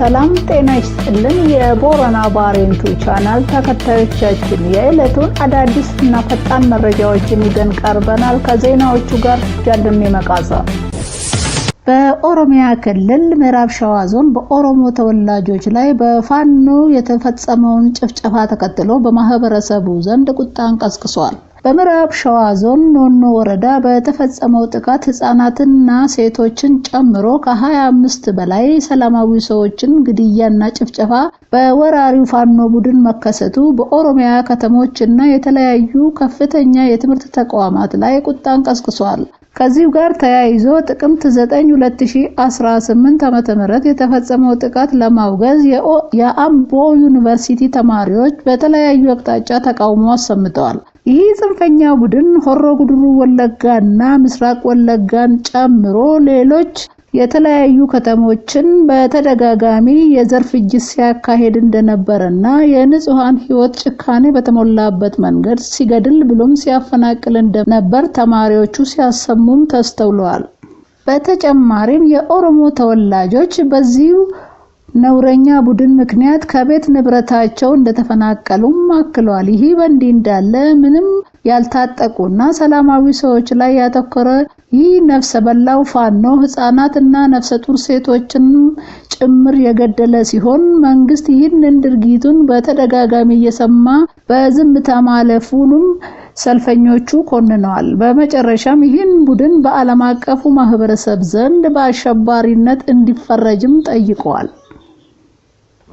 ሰላም ጤና ይስጥልን። የቦረና ባሬንቱ ቻናል ተከታዮቻችን የዕለቱን አዳዲስ እና ፈጣን መረጃዎችን ይዘን ቀርበናል። ከዜናዎቹ ጋር ጃልሜ መቃዛ። በኦሮሚያ ክልል ምዕራብ ሸዋ ዞን በኦሮሞ ተወላጆች ላይ በፋኖ የተፈጸመውን ጭፍጨፋ ተከትሎ በማህበረሰቡ ዘንድ ቁጣን ቀስቅሷል። በምዕራብ ሸዋ ዞን ኖኖ ወረዳ በተፈጸመው ጥቃት ህጻናትንና ሴቶችን ጨምሮ ከ25 በላይ ሰላማዊ ሰዎችን ግድያና ጭፍጨፋ በወራሪው ፋኖ ቡድን መከሰቱ በኦሮሚያ ከተሞች እና የተለያዩ ከፍተኛ የትምህርት ተቋማት ላይ ቁጣን ቀስቅሷል። ከዚሁ ጋር ተያይዞ ጥቅምት 9 2018 ዓ.ም የተፈጸመው ጥቃት ለማውገዝ የአምቦ ዩኒቨርሲቲ ተማሪዎች በተለያዩ አቅጣጫ ተቃውሞ አሰምተዋል። ይህ ጽንፈኛ ቡድን ሆሮ ጉድሩ ወለጋና ምስራቅ ወለጋን ጨምሮ ሌሎች የተለያዩ ከተሞችን በተደጋጋሚ የዘር ፍጅት ሲያካሄድ እንደነበረና የንጹሐን ሕይወት ጭካኔ በተሞላበት መንገድ ሲገድል ብሎም ሲያፈናቅል እንደነበር ተማሪዎቹ ሲያሰሙም ተስተውለዋል። በተጨማሪም የኦሮሞ ተወላጆች በዚሁ ነውረኛ ቡድን ምክንያት ከቤት ንብረታቸው እንደተፈናቀሉም አክሏል። ይህ በእንዲህ እንዳለ ምንም ያልታጠቁና ሰላማዊ ሰዎች ላይ ያተኮረ ይህ ነፍሰ በላው ፋኖ ህጻናትና ነፍሰ ጡር ሴቶችን ጭምር የገደለ ሲሆን መንግስት ይህንን ድርጊቱን በተደጋጋሚ እየሰማ በዝምታ ማለፉንም ሰልፈኞቹ ኮንነዋል። በመጨረሻም ይህን ቡድን በዓለም አቀፉ ማህበረሰብ ዘንድ በአሸባሪነት እንዲፈረጅም ጠይቀዋል።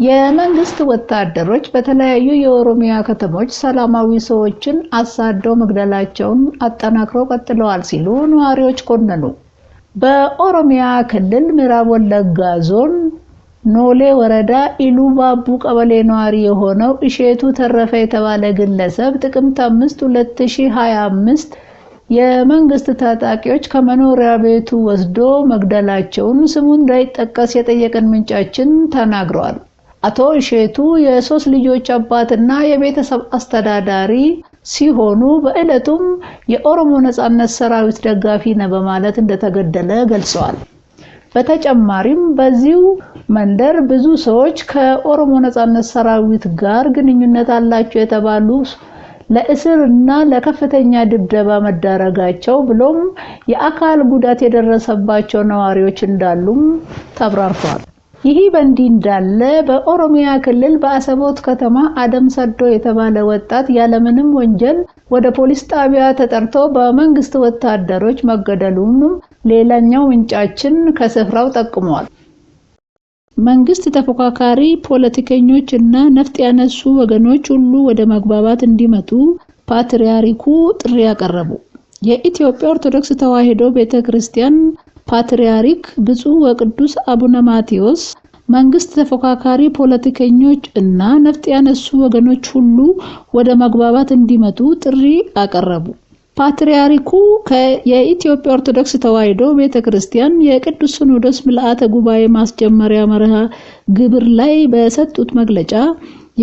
የመንግስት ወታደሮች በተለያዩ የኦሮሚያ ከተሞች ሰላማዊ ሰዎችን አሳደው መግደላቸውን አጠናክረው ቀጥለዋል ሲሉ ነዋሪዎች ኮነኑ። በኦሮሚያ ክልል ምዕራብ ወለጋ ዞን ኖሌ ወረዳ ኢሉ ባቡ ቀበሌ ነዋሪ የሆነው እሼቱ ተረፈ የተባለ ግለሰብ ጥቅምት 5 2025 የመንግስት ታጣቂዎች ከመኖሪያ ቤቱ ወስዶ መግደላቸውን ስሙን እንዳይጠቀስ የጠየቀን ምንጫችን ተናግረዋል። አቶ እሼቱ የሶስት ልጆች አባትና የቤተሰብ አስተዳዳሪ ሲሆኑ በዕለቱም የኦሮሞ ነጻነት ሰራዊት ደጋፊ ነው በማለት እንደተገደለ ገልጸዋል። በተጨማሪም በዚሁ መንደር ብዙ ሰዎች ከኦሮሞ ነጻነት ሰራዊት ጋር ግንኙነት አላቸው የተባሉ ለእስር እና ለከፍተኛ ድብደባ መዳረጋቸው ብሎም የአካል ጉዳት የደረሰባቸው ነዋሪዎች እንዳሉም ተብራርቷል። ይህ በእንዲህ እንዳለ በኦሮሚያ ክልል በአሰቦት ከተማ አደም ሰዶ የተባለ ወጣት ያለምንም ወንጀል ወደ ፖሊስ ጣቢያ ተጠርቶ በመንግስት ወታደሮች መገደሉንም ሌላኛው ምንጫችን ከስፍራው ጠቅሟል። መንግስት ተፎካካሪ ፖለቲከኞች እና ነፍጥ ያነሱ ወገኖች ሁሉ ወደ መግባባት እንዲመጡ ፓትርያርኩ ጥሪ ያቀረቡ የኢትዮጵያ ኦርቶዶክስ ተዋሕዶ ቤተ ክርስቲያን ፓትርያርክ ብፁዕ ወቅዱስ አቡነ ማቴዎስ መንግስት ተፎካካሪ ፖለቲከኞች እና ነፍጥ ያነሱ ወገኖች ሁሉ ወደ መግባባት እንዲመጡ ጥሪ አቀረቡ። ፓትርያርኩ የኢትዮጵያ ኦርቶዶክስ ተዋሕዶ ቤተ ክርስቲያን የቅዱስ ሲኖዶስ ምልአተ ጉባኤ ማስጀመሪያ መርሃ ግብር ላይ በሰጡት መግለጫ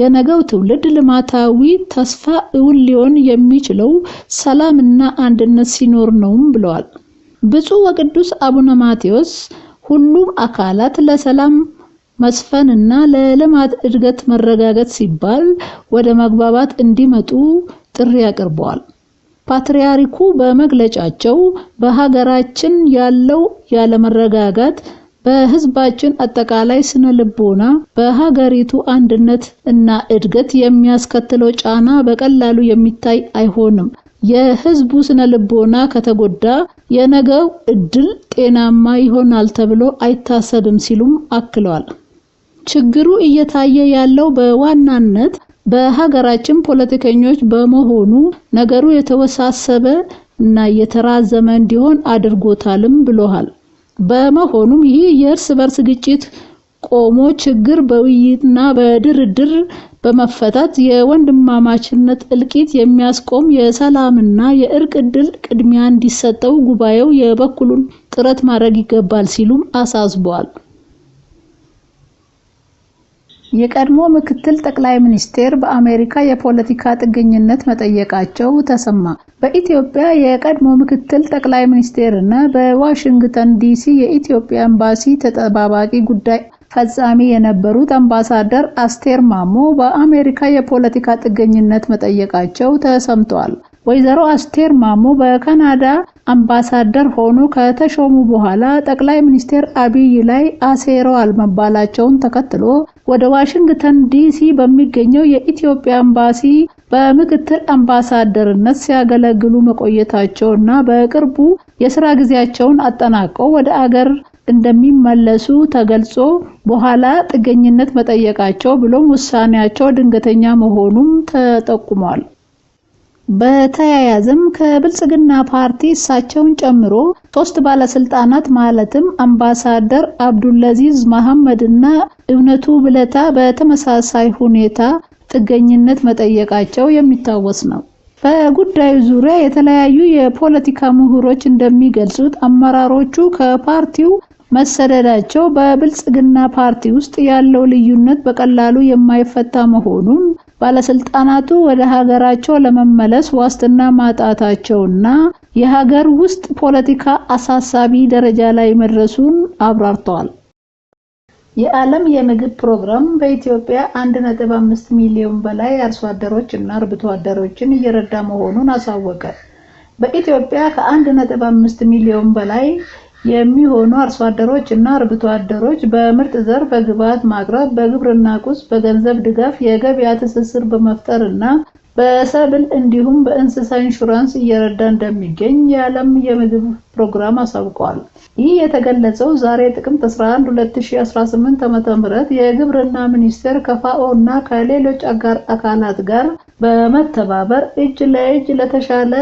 የነገው ትውልድ ልማታዊ ተስፋ እውን ሊሆን የሚችለው ሰላምና አንድነት ሲኖር ነውም ብለዋል። ብፁዕ ወቅዱስ አቡነ ማቴዎስ ሁሉም አካላት ለሰላም መስፈን እና ለልማት እድገት መረጋገጥ ሲባል ወደ መግባባት እንዲመጡ ጥሪ አቅርበዋል። ፓትርያርኩ በመግለጫቸው በሀገራችን ያለው ያለመረጋጋት በሕዝባችን አጠቃላይ ስነ ልቦና፣ በሀገሪቱ አንድነት እና እድገት የሚያስከትለው ጫና በቀላሉ የሚታይ አይሆንም። የህዝቡ ስነ ልቦና ከተጎዳ የነገው እድል ጤናማ ይሆናል ተብሎ አይታሰብም ሲሉም አክለዋል። ችግሩ እየታየ ያለው በዋናነት በሀገራችን ፖለቲከኞች በመሆኑ ነገሩ የተወሳሰበ እና የተራዘመ እንዲሆን አድርጎታልም ብለዋል። በመሆኑም ይህ የእርስ በርስ ግጭት ቆሞ ችግር በውይይትና በድርድር በመፈታት የወንድማማችነት እልቂት የሚያስቆም የሰላምና የእርቅ እድል ቅድሚያ እንዲሰጠው ጉባኤው የበኩሉን ጥረት ማድረግ ይገባል ሲሉም አሳስበዋል። የቀድሞ ምክትል ጠቅላይ ሚኒስቴር በአሜሪካ የፖለቲካ ጥገኝነት መጠየቃቸው ተሰማ። በኢትዮጵያ የቀድሞ ምክትል ጠቅላይ ሚኒስቴር እና በዋሽንግተን ዲሲ የኢትዮጵያ ኤምባሲ ተጠባባቂ ጉዳይ ፈጻሚ የነበሩት አምባሳደር አስቴር ማሞ በአሜሪካ የፖለቲካ ጥገኝነት መጠየቃቸው ተሰምቷል። ወይዘሮ አስቴር ማሞ በካናዳ አምባሳደር ሆኖ ከተሾሙ በኋላ ጠቅላይ ሚኒስትር አብይ ላይ አሴረዋል መባላቸውን ተከትሎ ወደ ዋሽንግተን ዲሲ በሚገኘው የኢትዮጵያ ኤምባሲ በምክትል አምባሳደርነት ሲያገለግሉ መቆየታቸውና በቅርቡ የስራ ጊዜያቸውን አጠናቀው ወደ አገር እንደሚመለሱ ተገልጾ በኋላ ጥገኝነት መጠየቃቸው ብሎም ውሳኔያቸው ድንገተኛ መሆኑም ተጠቁሟል። በተያያዘም ከብልጽግና ፓርቲ እሳቸውን ጨምሮ ሶስት ባለስልጣናት ማለትም አምባሳደር አብዱልአዚዝ መሐመድ እና እውነቱ ብለታ በተመሳሳይ ሁኔታ ጥገኝነት መጠየቃቸው የሚታወስ ነው። በጉዳዩ ዙሪያ የተለያዩ የፖለቲካ ምሁሮች እንደሚገልጹት አመራሮቹ ከፓርቲው መሰደዳቸው በብልጽግና ፓርቲ ውስጥ ያለው ልዩነት በቀላሉ የማይፈታ መሆኑን ባለስልጣናቱ ወደ ሀገራቸው ለመመለስ ዋስትና ማጣታቸውና የሀገር ውስጥ ፖለቲካ አሳሳቢ ደረጃ ላይ መድረሱን አብራርተዋል። የዓለም የምግብ ፕሮግራም በኢትዮጵያ 1.5 ሚሊዮን በላይ አርሶ አደሮች እና አርብቶ አደሮችን እየረዳ መሆኑን አሳወቀ። በኢትዮጵያ ከ1.5 ሚሊዮን በላይ የሚሆኑ አርሶ አደሮች እና አርብቶ አደሮች በምርጥ ዘር በግብዓት ማቅረብ፣ በግብርና ቁስ፣ በገንዘብ ድጋፍ፣ የገበያ ትስስር በመፍጠር እና በሰብል እንዲሁም በእንስሳ ኢንሹራንስ እየረዳ እንደሚገኝ የዓለም የምግብ ፕሮግራም አሳውቀዋል። ይህ የተገለጸው ዛሬ ጥቅምት 11 2018 ዓ.ም የግብርና ሚኒስቴር ከፋኦ እና ከሌሎች አጋር አካላት ጋር በመተባበር እጅ ለእጅ ለተሻለ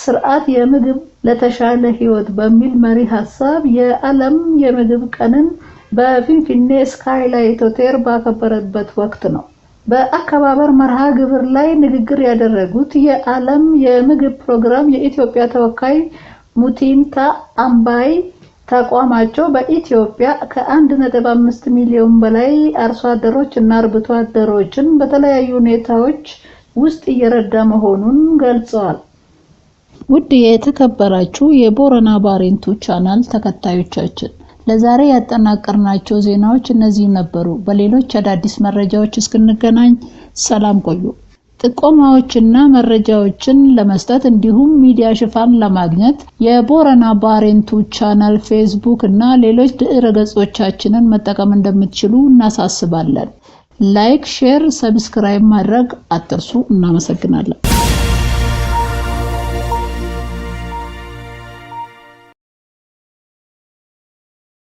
ስርዓት የምግብ ለተሻለ ህይወት በሚል መሪ ሀሳብ የዓለም የምግብ ቀንን በፊንፊኔ ስካይላይት ሆቴል ባከበረበት ወቅት ነው። በአከባበር መርሃ ግብር ላይ ንግግር ያደረጉት የዓለም የምግብ ፕሮግራም የኢትዮጵያ ተወካይ ሙቲንታ አምባይ ተቋማቸው በኢትዮጵያ ከ1.5 ሚሊዮን በላይ አርሶ አደሮች እና አርብቶ አደሮችን በተለያዩ ሁኔታዎች ውስጥ እየረዳ መሆኑን ገልጸዋል። ውድ የተከበራችሁ የቦረና ባሬንቱ ቻናል ተከታዮቻችን ለዛሬ ያጠናቀርናቸው ዜናዎች እነዚህ ነበሩ። በሌሎች አዳዲስ መረጃዎች እስክንገናኝ ሰላም ቆዩ። ጥቆማዎችና መረጃዎችን ለመስጠት እንዲሁም ሚዲያ ሽፋን ለማግኘት የቦረና ባሬንቱ ቻናል ፌስቡክ እና ሌሎች ድረ ገጾቻችንን መጠቀም እንደምትችሉ እናሳስባለን። ላይክ፣ ሼር፣ ሰብስክራይብ ማድረግ አትርሱ። እናመሰግናለን።